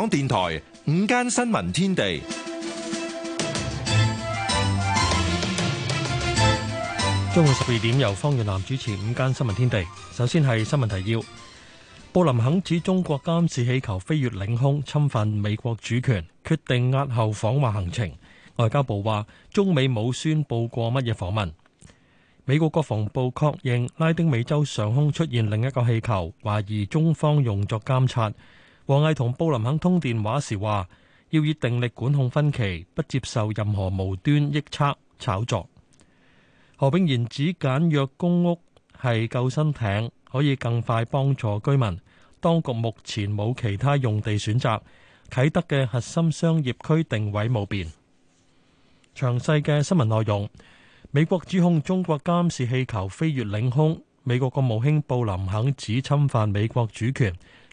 香港電台午間新聞天地，中午十二點，由方遠南主持午間新聞天地。首先係新聞提要：布林肯指中國監視氣球飛越領空，侵犯美國主權，決定押後訪華行程。外交部話，中美冇宣布過乜嘢訪問。美國國防部確認拉丁美洲上空出現另一個氣球，懷疑中方用作監察。王毅同布林肯通電話時話：要以定力管控分歧，不接受任何無端臆測炒作。何炳賢指簡約公屋係救生艇，可以更快幫助居民。當局目前冇其他用地選擇。啟德嘅核心商業區定位冇變。詳細嘅新聞內容，美國指控中國監視氣球飛越領空，美國國務卿布林肯指侵犯美國主權。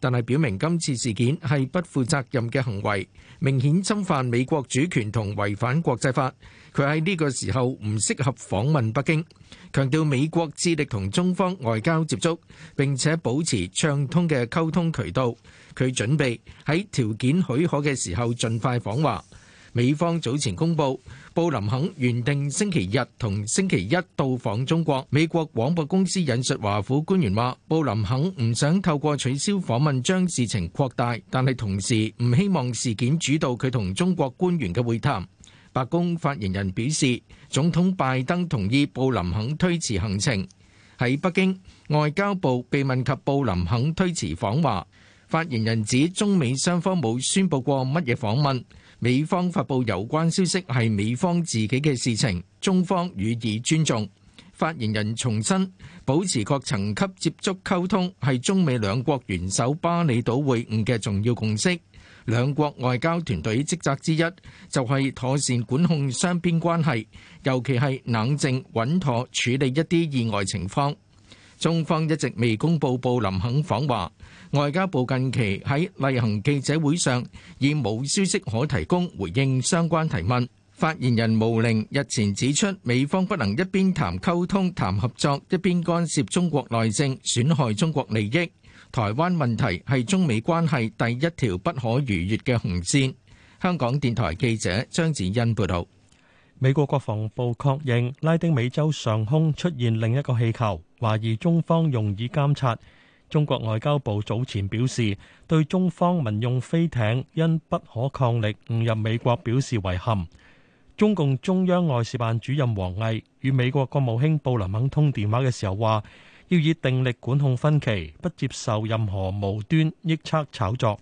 但係表明今次事件係不負責任嘅行為，明顯侵犯美國主權同違反國際法。佢喺呢個時候唔適合訪問北京，強調美國致力同中方外交接觸，並且保持暢通嘅溝通渠道。佢準備喺條件許可嘅時候盡快訪華。美方早前公布，布林肯原定星期日同星期一到訪中國。美國廣播公司引述華府官員話，布林肯唔想透過取消訪問將事情擴大，但係同時唔希望事件主導佢同中國官員嘅會談。白宮發言人表示，總統拜登同意布林肯推遲行程。喺北京，外交部被問及布林肯推遲訪華，發言人指中美雙方冇宣布過乜嘢訪問。美方發布有關消息係美方自己嘅事情，中方予以尊重。發言人重申，保持各層級接觸溝通係中美兩國元首巴厘島會晤嘅重要共識。兩國外交團隊職責之一就係妥善管控雙邊關係，尤其係冷靜穩妥處理一啲意外情況。中方一直未公布布林肯訪華。外交部近期喺例行記者會上，以冇消息可提供回應相關提問。發言人毛寧日前指出，美方不能一邊談溝通、談合作，一邊干涉中國內政、損害中國利益。台灣問題係中美關係第一條不可逾越嘅紅線。香港電台記者張子欣報導。美國國防部確認拉丁美洲上空出現另一個氣球，懷疑中方用以監察。中國外交部早前表示，對中方民用飛艇因不可抗力誤入美國表示遺憾。中共中央外事辦主任王毅與美國國務卿布林肯通電話嘅時候話，要以定力管控分歧，不接受任何無端臆測炒作。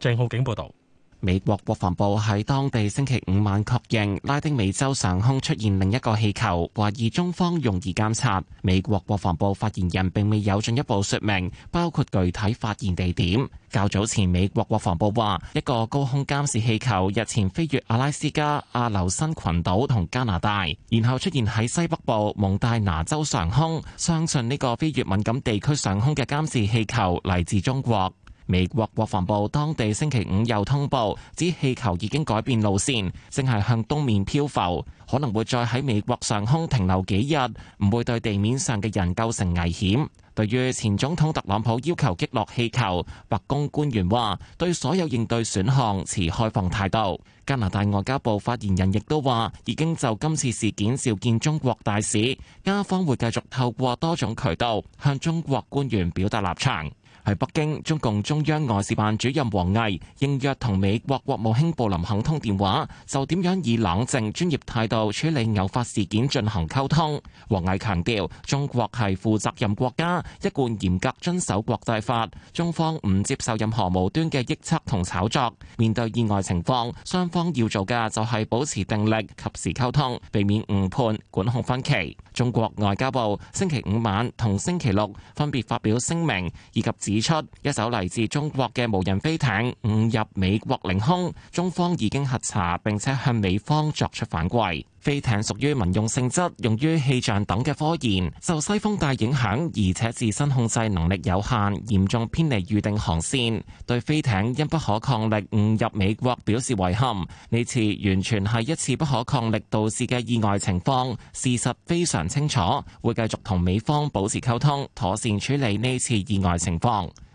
鄭浩景報導。美國國防部喺當地星期五晚確認拉丁美洲上空出現另一個氣球，懷疑中方用意監察。美國國防部發言人並未有進一步說明，包括具體發現地點。較早前美國國防部話，一個高空監視氣球日前飛越阿拉斯加阿留申群島同加拿大，然後出現喺西北部蒙大拿州上空，相信呢個飛越敏感地區上空嘅監視氣球嚟自中國。美國國防部當地星期五又通報，指氣球已經改變路線，正係向東面漂浮，可能會再喺美國上空停留幾日，唔會對地面上嘅人構成危險。對於前總統特朗普要求擊落氣球，白宮官員話對所有應對選項持開放態度。加拿大外交部發言人亦都話，已經就今次事件召見中國大使，加方會繼續透過多種渠道向中國官員表達立場。喺北京，中共中央外事辦主任王毅應約同美國國務卿布林肯通電話，就點樣以冷靜專業態度處理偶發事件進行溝通。王毅強調中國係負責任國家，一貫嚴格遵守國際法，中方唔接受任何無端嘅臆測同炒作。面對意外情況，雙方要做嘅就係保持定力，及時溝通，避免誤判、管控分歧。中國外交部星期五晚同星期六分別發表聲明以及指。指出，一艘嚟自中國嘅無人飛艇誤入美國領空，中方已經核查，並且向美方作出反饋。飛艇屬於民用性質，用於氣象等嘅科研，受西風帶影響，而且自身控制能力有限，嚴重偏離預定航線。對飛艇因不可抗力誤入美國表示遺憾。呢次完全係一次不可抗力導致嘅意外情況，事實非常清楚，會繼續同美方保持溝通，妥善處理呢次意外情況。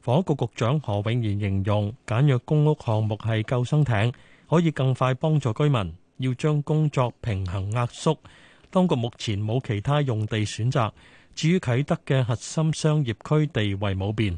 房屋局局長何永賢形容簡約公屋項目係救生艇，可以更快幫助居民。要將工作平衡壓縮，當局目前冇其他用地選擇。至於啟德嘅核心商業區地位冇變。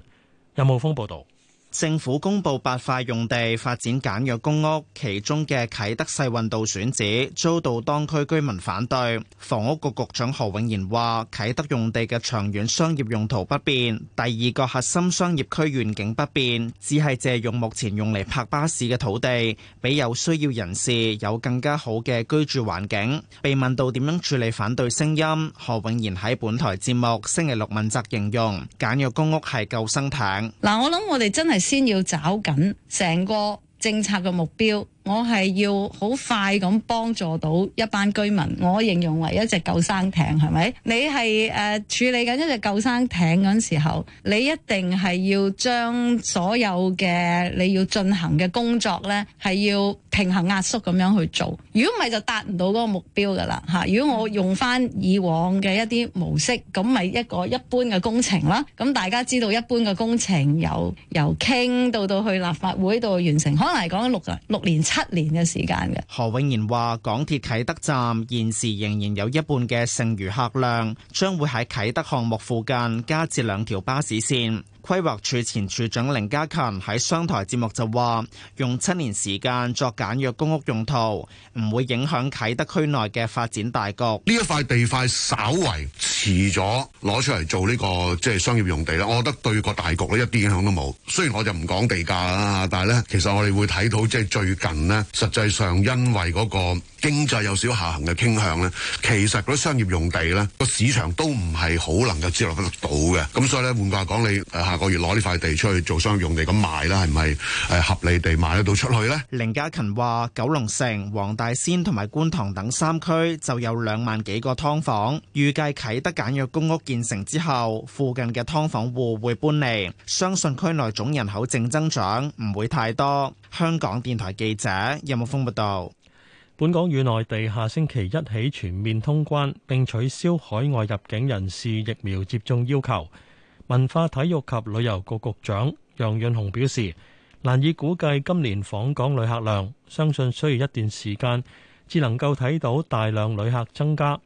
任浩峰報道。政府公布八塊用地發展簡約公屋，其中嘅啟德世運道選址遭到當區居民反對。房屋局局長何永賢話：啟德用地嘅長遠商業用途不變，第二個核心商業區願景不變，只係借用目前用嚟泊巴士嘅土地，俾有需要人士有更加好嘅居住環境。被問到點樣處理反對聲音，何永賢喺本台節目星期六問責，形容簡約公屋係救生艇。嗱，我諗我哋真係。先要找緊成個政策嘅目標。我係要好快咁幫助到一班居民，我形容為一隻救生艇，係咪？你係誒、呃、處理緊一隻救生艇嗰陣時候，你一定係要將所有嘅你要進行嘅工作呢，係要平衡壓縮咁樣去做。如果唔係就達唔到嗰個目標㗎啦嚇。如果我用翻以往嘅一啲模式，咁咪一個一般嘅工程啦。咁大家知道一般嘅工程由由傾到到去立法會度完成，可能嚟講六六年。一年嘅時間嘅，何永賢話港鐵啟德站現時仍然有一半嘅剩餘客量，將會喺啟德項目附近加設兩條巴士線。規劃署前署長凌嘉勤喺商台節目就話：用七年時間作簡約公屋用途，唔會影響啟德區內嘅發展大局。呢一塊地塊稍為遲咗攞出嚟做呢、這個即係、就是、商業用地咧，我覺得對個大局呢，一啲影響都冇。雖然我就唔講地價啦，但係咧，其實我哋會睇到即係最近呢，實際上因為嗰個經濟有少少下行嘅傾向咧，其實嗰啲商業用地咧個市場都唔係好能夠接落得到嘅。咁所以咧，換句話講，你、呃下個月攞呢塊地出去做商用地咁賣啦，係咪係合理地賣得到出去呢？凌家勤話：九龍城、黃大仙同埋觀塘等三區就有兩萬幾個劏房，預計啟德簡約公屋建成之後，附近嘅劏房戶會，會搬離，相信區內總人口正增長唔會太多。香港電台記者任木峰報道：本港與內地下星期一起全面通關，並取消海外入境人士疫苗接種要求。文化體育及旅遊局局長楊潤雄表示，難以估計今年訪港旅客量，相信需要一段時間至能夠睇到大量旅客增加。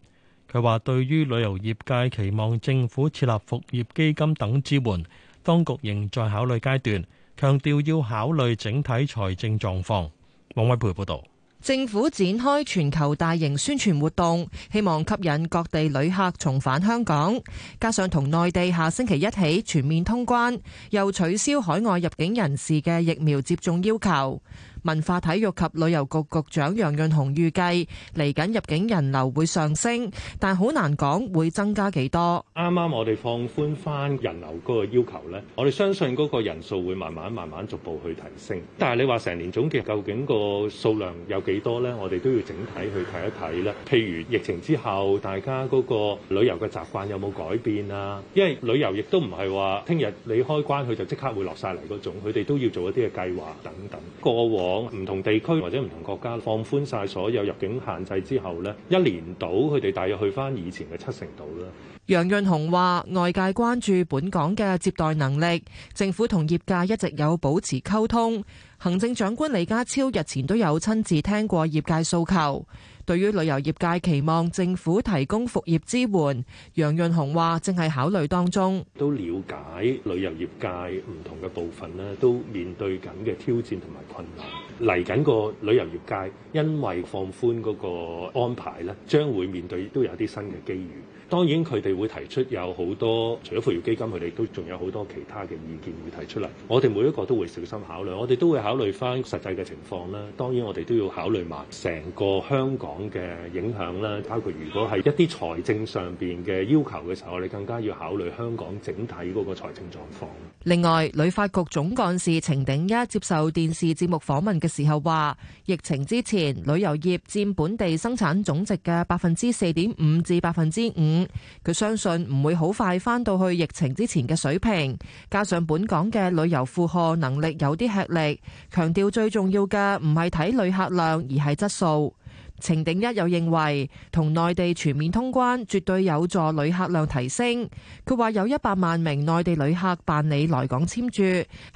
佢話：對於旅遊業界期望政府設立復業基金等支援，當局仍在考慮階段，強調要考慮整體財政狀況。王偉培報導。政府展開全球大型宣傳活動，希望吸引各地旅客重返香港，加上同內地下星期一起全面通關，又取消海外入境人士嘅疫苗接種要求。文化體育及旅遊局局長楊潤雄預計嚟緊入境人流會上升，但好難講會增加幾多。啱啱我哋放寬翻人流嗰個要求呢，我哋相信嗰個人數會慢慢慢慢逐步去提升。但係你話成年總結究竟個數量有幾多呢？我哋都要整體去睇一睇咧。譬如疫情之後，大家嗰個旅遊嘅習慣有冇改變啊？因為旅遊亦都唔係話聽日你開關，佢就即刻會落晒嚟嗰種，佢哋都要做一啲嘅計劃等等過往。講唔同地區或者唔同國家放寬晒所有入境限制之後咧，一年到佢哋大約去翻以前嘅七成度啦。楊潤雄話：外界關注本港嘅接待能力，政府同業界一直有保持溝通。行政長官李家超日前都有親自聽過業界訴求。對於旅遊業界期望政府提供復業支援，楊潤雄話：正係考慮當中。都了解旅遊業界唔同嘅部分咧，都面對緊嘅挑戰同埋困難。嚟緊個旅遊業界，因為放寬嗰個安排咧，將會面對都有啲新嘅機遇。當然佢哋會提出有好多，除咗復業基金，佢哋都仲有好多其他嘅意見會提出嚟。我哋每一個都會小心考慮，我哋都會考慮翻實際嘅情況啦。當然我哋都要考慮埋成個香港嘅影響啦，包括如果係一啲財政上邊嘅要求嘅時候，你更加要考慮香港整體嗰個財政狀況。另外，旅發局總幹事程鼎一接受電視節目訪問嘅時候話，疫情之前旅遊業佔本地生產總值嘅百分之四點五至百分之五。佢相信唔會好快返到去疫情之前嘅水平，加上本港嘅旅遊負荷能力有啲吃力。強調最重要嘅唔係睇旅客量，而係質素。程鼎一又認為，同內地全面通關絕對有助旅客量提升。佢話有一百萬名內地旅客辦理來港簽注，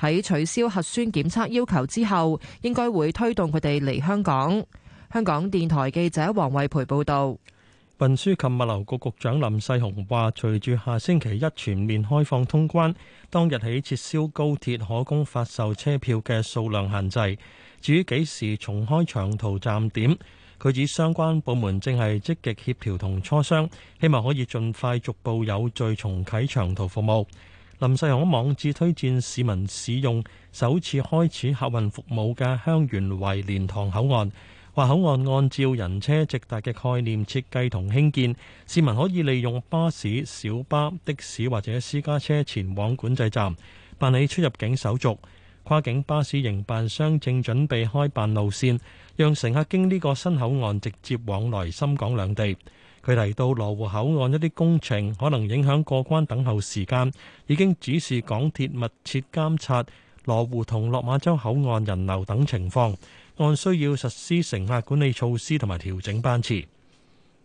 喺取消核酸檢測要求之後，應該會推動佢哋嚟香港。香港電台記者黃慧培報道。運輸及物流局局長林世雄話，隨住下星期一全面開放通關，當日起撤銷高鐵可供發售車票嘅數量限制。至於幾時重開長途站點？佢指相關部門正係積極協調同磋商，希望可以盡快逐步有序重啟長途服務。林世雄嘅網誌推薦市民使用首次開始客運服務嘅香園圍蓮塘口岸，話口岸按照人車直達嘅概念設計同興建，市民可以利用巴士、小巴、的士或者私家車前往管制站辦理出入境手續。跨境巴士營辦商正準備開辦路線，讓乘客經呢個新口岸直接往來深港兩地。佢提到羅湖口岸一啲工程可能影響過關等候時間，已經指示港鐵密切監察羅湖同落馬洲口岸人流等情況，按需要實施乘客管理措施同埋調整班次。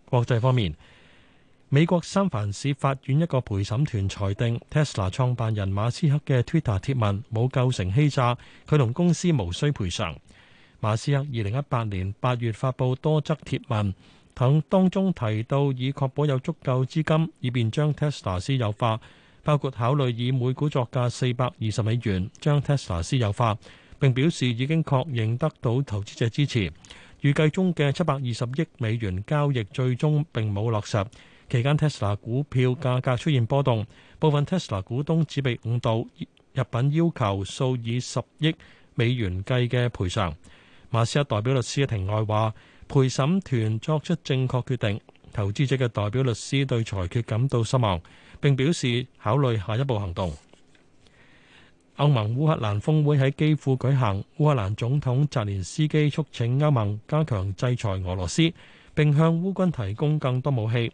國際方面。美國三藩市法院一個陪審團裁定，Tesla 創辦人馬斯克嘅 Twitter 貼文冇構成欺詐，佢同公司無需賠償。馬斯克二零一八年八月發布多則貼文，等當中提到已確保有足夠資金，以便將 Tesla 私有化，包括考慮以每股作價四百二十美元將 Tesla 私有化，並表示已經確認得到投資者支持。預計中嘅七百二十億美元交易最終並冇落實。期間，Tesla 股票價格出現波動，部分 Tesla 股東只被誤導入稟要求數以十億美元計嘅賠償。馬斯克代表律師喺庭外話：陪審團作出正確決定，投資者嘅代表律師對裁決感到失望，並表示考慮下一步行動。歐盟烏克蘭峰會喺基輔舉行，烏克蘭總統澤連斯基促請歐盟加強制裁俄羅斯，並向烏軍提供更多武器。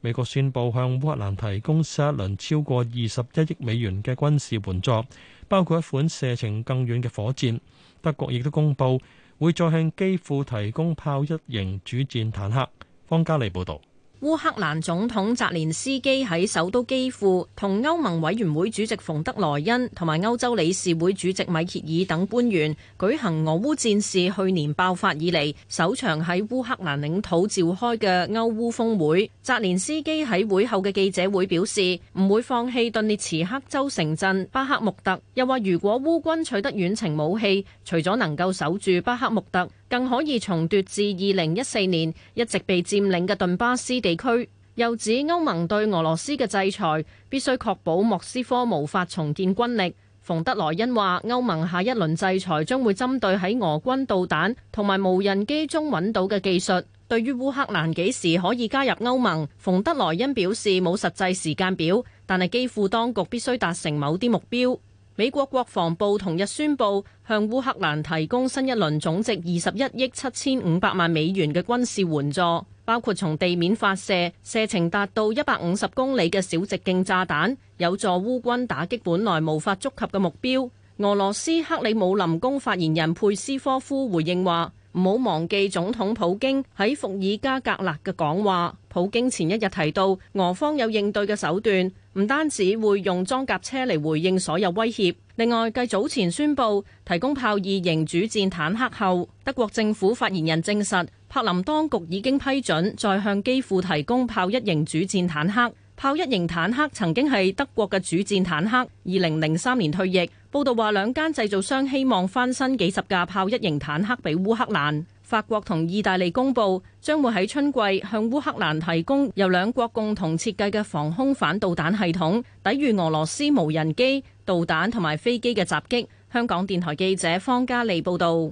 美國宣佈向烏克蘭提供新一輪超過二十一億美元嘅軍事援助，包括一款射程更遠嘅火箭。德國亦都公佈會再向基輔提供豹一型主戰坦克。方嘉利報導。烏克蘭總統澤連斯基喺首都基輔同歐盟委員會主席馮德萊恩同埋歐洲理事會主席米歇爾等官員舉行俄烏戰事去年爆發以嚟首場喺烏克蘭領土召開嘅歐烏峰會。澤連斯基喺會後嘅記者會表示，唔會放棄頓涅茨克州城鎮巴克穆特，又話如果烏軍取得遠程武器，除咗能夠守住巴克穆特。更可以重奪至二零一四年一直被佔領嘅頓巴斯地區。又指歐盟對俄羅斯嘅制裁必須確保莫斯科無法重建軍力。馮德萊恩話：歐盟下一輪制裁將會針對喺俄軍導彈同埋無人機中揾到嘅技術。對於烏克蘭幾時可以加入歐盟，馮德萊恩表示冇實際時間表，但係基輔當局必須達成某啲目標。美國國防部同日宣布，向烏克蘭提供新一輪總值二十一億七千五百萬美元嘅軍事援助，包括從地面發射，射程達到一百五十公里嘅小直徑炸彈，有助烏軍打擊本來無法觸及嘅目標。俄羅斯克里姆林宮發言人佩斯科夫回應話：唔好忘記總統普京喺伏爾加格勒嘅講話。普京前一日提到，俄方有應對嘅手段。唔單止會用裝甲車嚟回應所有威脅。另外繼早前宣布提供炮二型主戰坦克後，德國政府發言人證實柏林當局已經批准再向機庫提供炮一型主戰坦克。炮一型坦克曾經係德國嘅主戰坦克，二零零三年退役。報道話，兩間製造商希望翻新幾十架炮一型坦克俾烏克蘭。法國同意大利公布，將會喺春季向烏克蘭提供由兩國共同設計嘅防空反導彈系統，抵御俄羅斯無人機、導彈同埋飛機嘅襲擊。香港電台記者方嘉利報道。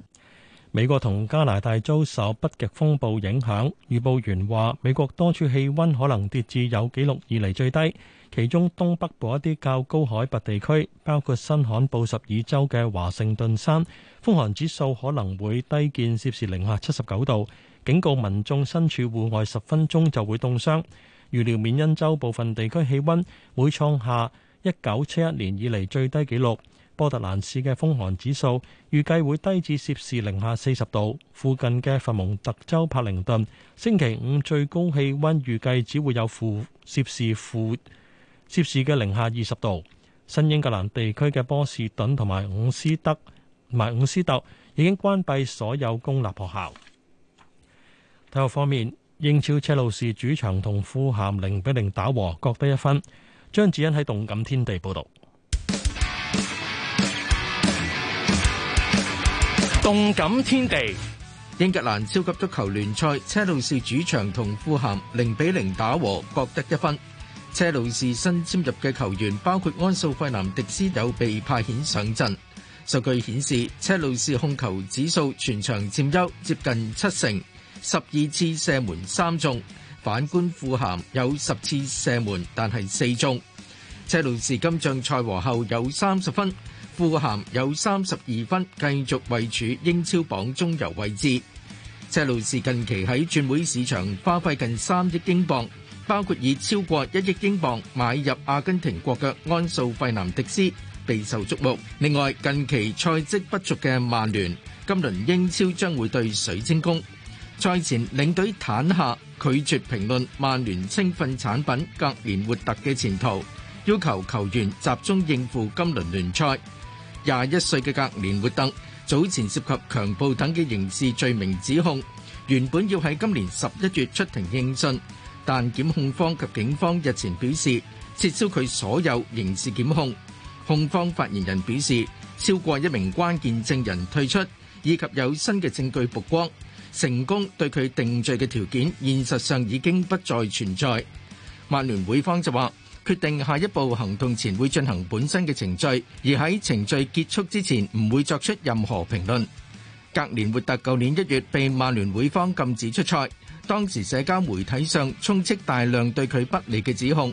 美國同加拿大遭受北極風暴影響，預報員話美國多處氣溫可能跌至有紀錄以嚟最低，其中東北部一啲較高海拔地區，包括新罕布什爾州嘅華盛頓山。風寒指數，可能會低見攝氏零下七十九度，警告民眾身處戶外十分鐘就會凍傷。預料緬因州部分地區氣溫會創下一九七一年以嚟最低紀錄。波特蘭市嘅風寒指數預計會低至攝氏零下四十度。附近嘅佛蒙特州柏林頓星期五最高氣溫預計只會有負攝氏負攝氏嘅零下二十度。新英格蘭地區嘅波士頓同埋伍斯德。埋伍斯特已經關閉所有公立學校。體育方面，英超車路士主場同富咸零比零打和，各得一分。張子欣喺動感天地報道。動感天地，天地英格蘭超級足球聯賽，車路士主場同富咸零比零打和，各得一分。車路士新簽入嘅球員包括安素費南迪斯有被派遣上陣。數據顯示，車路士控球指數全場佔優，接近七成，十二次射門三中。反觀富咸有十次射門，但係四中。車路士今仗賽和後有三十分，富咸有三十二分，繼續位處英超榜中游位置。車路士近期喺轉會市場花費近三億英鎊，包括以超過一億英鎊買入阿根廷國腳安素費南迪斯。備受矚目。另外，近期賽績不俗嘅曼聯今輪英超將會對水晶宮。賽前領隊坦夏拒絕評論曼聯青訓產品格連活特嘅前途，要求球員集中應付今輪聯賽。廿一歲嘅格連活特早前涉及強暴等嘅刑事罪名指控，原本要喺今年十一月出庭應訊，但檢控方及警方日前表示撤銷佢所有刑事檢控。控方發言人表示超過一名關鍵證人退出，以及有新嘅證據曝光，成功對佢定罪嘅條件現實上已經不再存在。曼聯會方就話決定下一步行動前會進行本身嘅程序，而喺程序結束之前唔會作出任何評論。格連活特舊年一月被曼聯會方禁止出賽，當時社交媒體上充斥大量對佢不利嘅指控。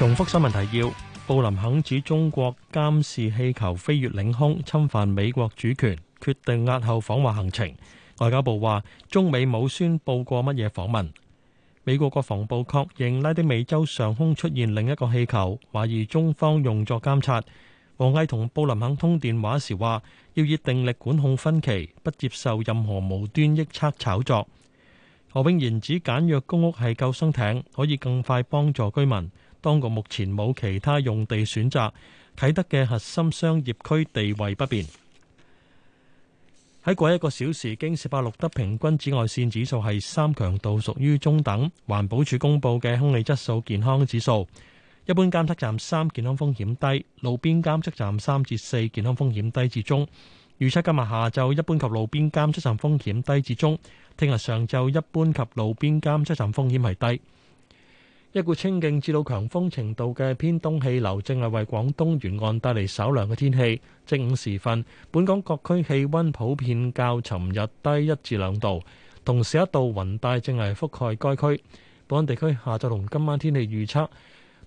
重複新聞提要：布林肯指中國監視氣球飛越領空，侵犯美國主權，決定押後訪華行程。外交部話中美冇宣布過乜嘢訪問。美國國防部確認拉丁美洲上空出現另一個氣球，懷疑中方用作監察。王毅同布林肯通電話時話，要以定力管控分歧，不接受任何無端臆測炒作。何永賢指簡約公屋係救生艇，可以更快幫助居民。當局目前冇其他用地選擇，啟德嘅核心商業區地位不變。喺過去一個小時，京士柏錄得平均紫外線指數係三強度，屬於中等。環保署公布嘅空氣質素健康指數，一般監測站三健康風險低，路邊監測站三至四健康風險低至中。預測今日下晝一般及路邊監測站風險低至中，聽日上晝一般及路邊監測站風險係低。一股清勁至到強風程度嘅偏東氣流正係為廣東沿岸帶嚟稍涼嘅天氣。正午時分，本港各區氣温普遍較尋日低一至兩度，同時一度雲帶正係覆蓋該區。本港地區下晝同今晚天氣預測。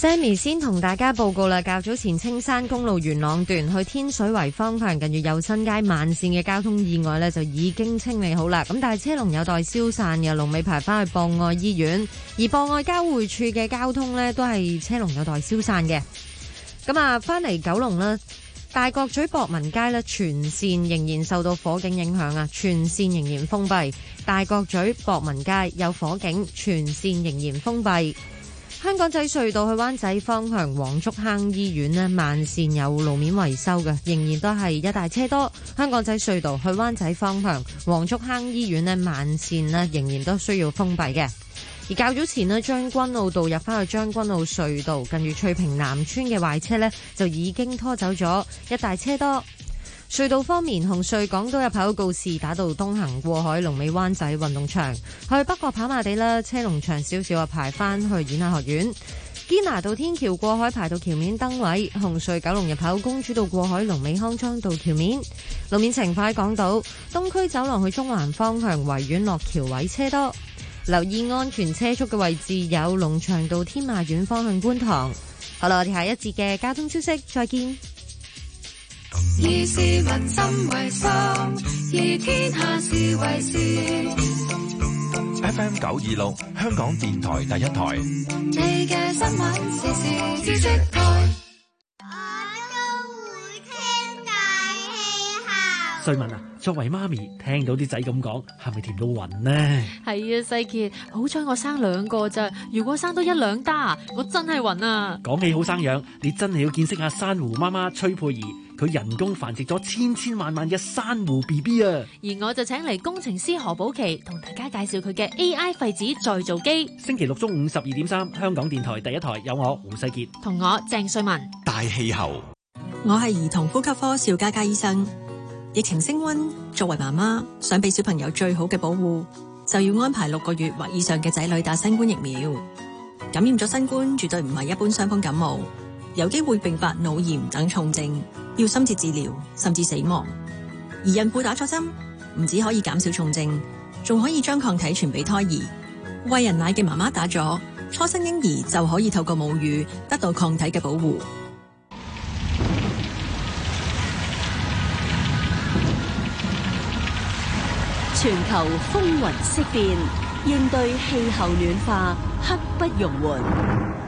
Sammy 先同大家報告啦，較早前青山公路元朗段去天水圍方向近住有新街慢線嘅交通意外咧，就已經清理好啦。咁但係車龍有待消散嘅，龍尾排翻去博愛醫院，而博愛交匯處嘅交通咧都係車龍有待消散嘅。咁啊，翻嚟九龍啦，大角咀博文街咧全線仍然受到火警影響啊，全線仍然封閉。大角咀博文街有火警，全線仍然封閉。香港仔隧道去灣仔方向黃竹坑醫院咧慢綫有路面維修嘅，仍然都係一大車多。香港仔隧道去灣仔方向黃竹坑醫院咧慢綫咧仍然都需要封閉嘅。而較早前咧，將軍澳道入翻去將軍澳隧道近住翠屏南村嘅壞車呢，就已經拖走咗一大車多。隧道方面，紅隧港島入口告示打到東行過海龍尾灣仔運動場，去北角跑馬地啦，車龍長少少啊，排翻去演藝學院堅拿道天橋過海，排到橋面燈位；紅隧九龍入口公主道過海龍尾康莊道橋面，路面情況港島東區走廊去中環方向維園落橋位車多，留意安全車速嘅位置有龍翔道天馬苑方向觀塘。好啦，我哋下一節嘅交通消息，再見。以市民心為心，以天下事為事。FM 九二六，香港電台第一台。你嘅新聞時事資訊台，我都會聽大氣下瑞文啊，作為媽咪，聽到啲仔咁講，係咪甜到暈呢？係啊，世傑，好彩我生兩個咋。如果生多一兩打，我真係暈啊！講起好生養，你真係要見識下珊瑚媽媽崔佩兒。佢人工繁殖咗千千萬萬嘅珊瑚 B B 啊！而我就請嚟工程師何寶琪同大家介紹佢嘅 A I 廢紙再造機。星期六中午十二點三，香港電台第一台有我胡世杰同我鄭瑞文。大氣候，我係兒童呼吸科邵家家醫生。疫情升温，作為媽媽想俾小朋友最好嘅保護，就要安排六個月或以上嘅仔女打新冠疫苗。感染咗新冠，絕對唔係一般傷風感冒。有機會併發腦炎等重症，要深切治療，甚至死亡。而孕婦打錯針唔止可以減少重症，仲可以將抗體傳俾胎兒。喂人奶嘅媽媽打咗，初生嬰兒就可以透過母乳得到抗體嘅保護。全球風雲色變，應對氣候暖化刻不容緩。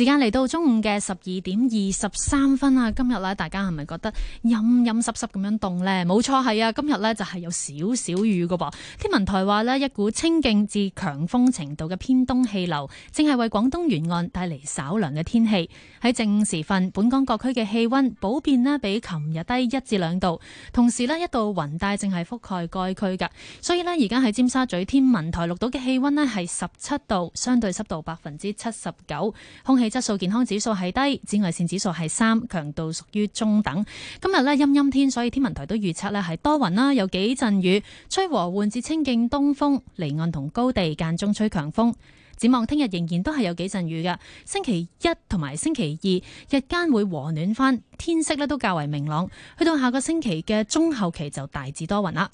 時間嚟到中午嘅十二點二十三分啊。今日呢，大家係咪覺得陰陰濕濕咁樣凍呢？冇錯，係啊，今日呢就係有少少雨噶噃。天文台話呢，一股清勁至強風程度嘅偏東氣流，正係為廣東沿岸帶嚟稍涼嘅天氣。喺正午時分，本港各區嘅氣溫普遍呢，比琴日低一至兩度，同時呢，一度雲帶淨係覆蓋該區嘅，所以呢，而家喺尖沙咀天文台錄到嘅氣溫呢係十七度，相對濕度百分之七十九，空氣。質素健康指數係低，紫外線指數係三，強度屬於中等。今日咧陰陰天，所以天文台都預測咧係多雲啦，有幾陣雨，吹和緩至清勁東風，離岸同高地間中吹強風。展望聽日仍然都係有幾陣雨嘅，星期一同埋星期二日間會和暖返，天色咧都較為明朗。去到下個星期嘅中後期就大致多雲啦。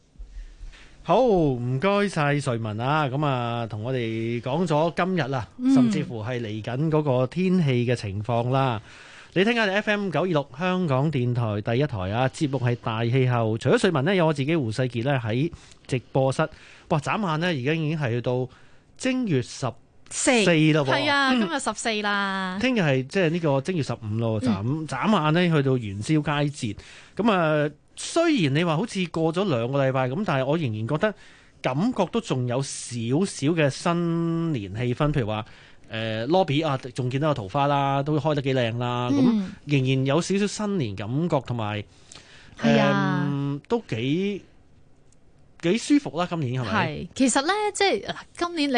好，唔該晒瑞文啊！咁啊，同我哋講咗今日啊，甚至乎係嚟緊嗰個天氣嘅情況啦。你聽下 F M 九二六香港電台第一台啊，節目係大氣候。除咗瑞文呢，有我自己胡世杰呢喺直播室。哇，眨眼呢，而家已經係去到正月十四啦。係啊，今日十四啦。聽日係即係呢個正月十五咯，眨眨眼呢，去到元宵佳節。咁啊～雖然你話好似過咗兩個禮拜咁，但係我仍然覺得感覺都仲有少少嘅新年氣氛。譬如話誒、呃、lobby 啊，仲見到有桃花啦，都開得幾靚啦。咁、嗯、仍然有少少新年感覺，同埋係啊，都幾幾舒服啦。今年係咪？係其實咧，即係今年。